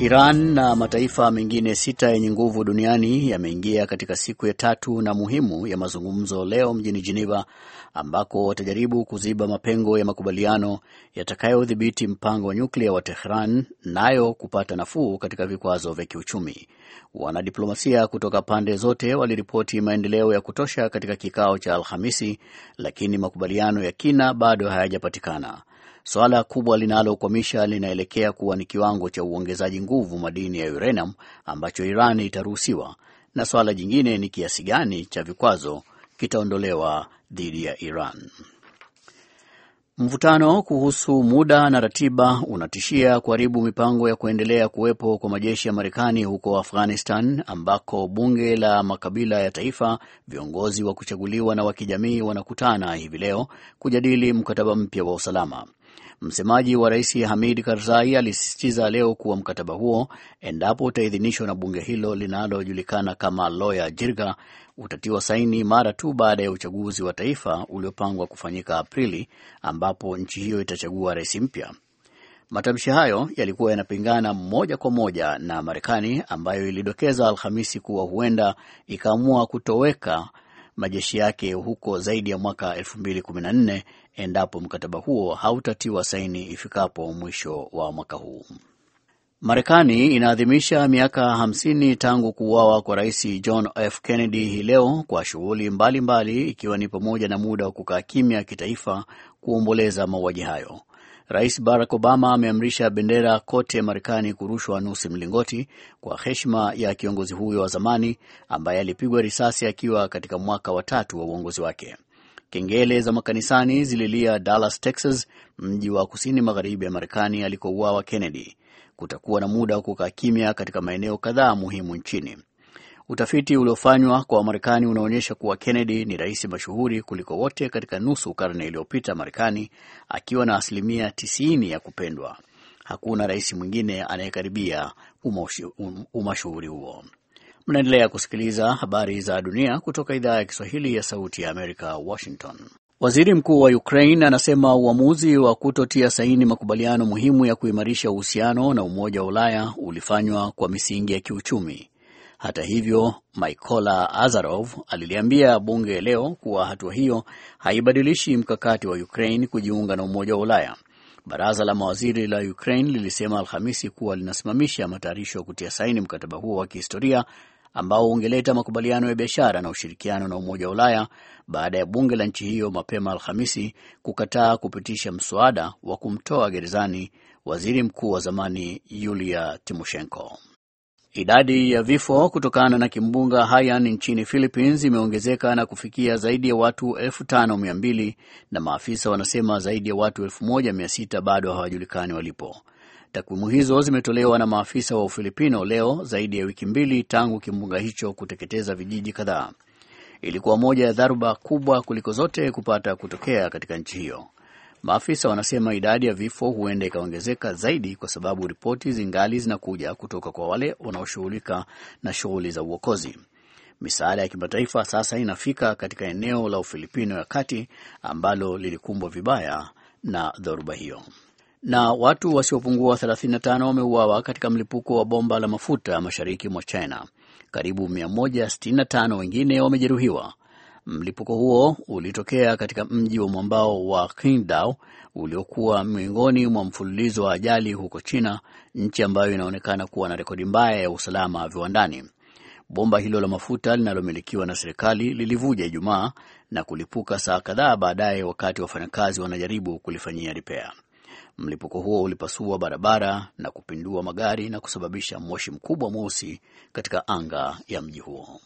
Iran na mataifa mengine sita yenye nguvu duniani yameingia katika siku ya tatu na muhimu ya mazungumzo leo mjini Geneva ambako watajaribu kuziba mapengo ya makubaliano yatakayodhibiti mpango wa nyuklia wa Tehran nayo kupata nafuu katika vikwazo vya kiuchumi. Wanadiplomasia kutoka pande zote waliripoti maendeleo ya kutosha katika kikao cha Alhamisi, lakini makubaliano ya kina bado hayajapatikana. Suala kubwa linalokwamisha linaelekea kuwa ni kiwango cha uongezaji nguvu madini ya uranium ambacho Iran itaruhusiwa, na suala jingine ni kiasi gani cha vikwazo kitaondolewa dhidi ya Iran. Mvutano kuhusu muda na ratiba unatishia kuharibu mipango ya kuendelea kuwepo kwa majeshi ya Marekani huko Afghanistan ambako bunge la makabila ya taifa, viongozi wa kuchaguliwa na wa kijamii wanakutana hivi leo kujadili mkataba mpya wa usalama. Msemaji wa Rais Hamid Karzai alisisitiza leo kuwa mkataba huo, endapo utaidhinishwa na bunge hilo linalojulikana kama Loya Jirga, utatiwa saini mara tu baada ya uchaguzi wa taifa uliopangwa kufanyika Aprili, ambapo nchi hiyo itachagua rais mpya. Matamshi hayo yalikuwa yanapingana moja kwa moja na Marekani ambayo ilidokeza Alhamisi kuwa huenda ikaamua kutoweka majeshi yake huko zaidi ya mwaka 2014 endapo mkataba huo hautatiwa saini ifikapo mwisho wa mwaka huu. Marekani inaadhimisha miaka 50 tangu kuuawa kwa Rais John F. Kennedy hii leo kwa shughuli mbalimbali, ikiwa ni pamoja na muda wa kukaa kimya kitaifa kuomboleza mauaji hayo. Rais Barack Obama ameamrisha bendera kote Marekani kurushwa nusu mlingoti kwa heshima ya kiongozi huyo wa zamani ambaye alipigwa risasi akiwa katika mwaka wa tatu wa uongozi wake. Kengele za makanisani zililia Dallas, Texas, mji wa kusini magharibi ya Marekani alikouawa Kennedy. Kutakuwa na muda wa kukaa kimya katika maeneo kadhaa muhimu nchini. Utafiti uliofanywa kwa Wamarekani unaonyesha kuwa Kennedy ni rais mashuhuri kuliko wote katika nusu karne iliyopita Marekani, akiwa na asilimia 90 ya kupendwa. Hakuna rais mwingine anayekaribia um, umashuhuri huo. Mnaendelea kusikiliza habari za dunia kutoka idhaa ya Kiswahili ya Sauti ya Amerika, Washington. Waziri mkuu wa Ukraine anasema uamuzi wa kutotia saini makubaliano muhimu ya kuimarisha uhusiano na Umoja wa Ulaya ulifanywa kwa misingi ya kiuchumi. Hata hivyo, Mykola Azarov aliliambia bunge leo kuwa hatua hiyo haibadilishi mkakati wa Ukraine kujiunga na Umoja wa Ulaya. Baraza la mawaziri la Ukraine lilisema Alhamisi kuwa linasimamisha matayarisho ya kutia saini mkataba huo wa kihistoria ambao ungeleta makubaliano ya biashara na ushirikiano na Umoja wa Ulaya baada ya bunge la nchi hiyo mapema Alhamisi kukataa kupitisha mswada wa kumtoa gerezani waziri mkuu wa zamani Yulia Timoshenko. Idadi ya vifo kutokana na kimbunga Haiyan nchini Philippines imeongezeka na kufikia zaidi ya watu 5200 na maafisa wanasema zaidi ya watu 1600 bado hawajulikani walipo. Takwimu hizo zimetolewa na maafisa wa Ufilipino leo, zaidi ya wiki mbili tangu kimbunga hicho kuteketeza vijiji kadhaa. Ilikuwa moja ya dharuba kubwa kuliko zote kupata kutokea katika nchi hiyo. Maafisa wanasema idadi ya vifo huenda ikaongezeka zaidi kwa sababu ripoti zingali zinakuja kutoka kwa wale wanaoshughulika na shughuli za uokozi. Misaada ya kimataifa sasa inafika katika eneo la Ufilipino ya kati ambalo lilikumbwa vibaya na dhoruba hiyo na watu wasiopungua 35 wameuawa katika mlipuko wa bomba la mafuta mashariki mwa China. Karibu 165 wengine wamejeruhiwa. Mlipuko huo ulitokea katika mji wa mwambao wa Qingdao uliokuwa miongoni mwa mfululizo wa ajali huko China, nchi ambayo inaonekana kuwa na rekodi mbaya ya usalama viwandani. Bomba hilo la mafuta linalomilikiwa na serikali lilivuja Ijumaa na kulipuka saa kadhaa baadaye, wakati wafanyakazi wanajaribu kulifanyia ripea. Mlipuko huo ulipasua barabara na kupindua magari na kusababisha moshi mkubwa mweusi katika anga ya mji huo.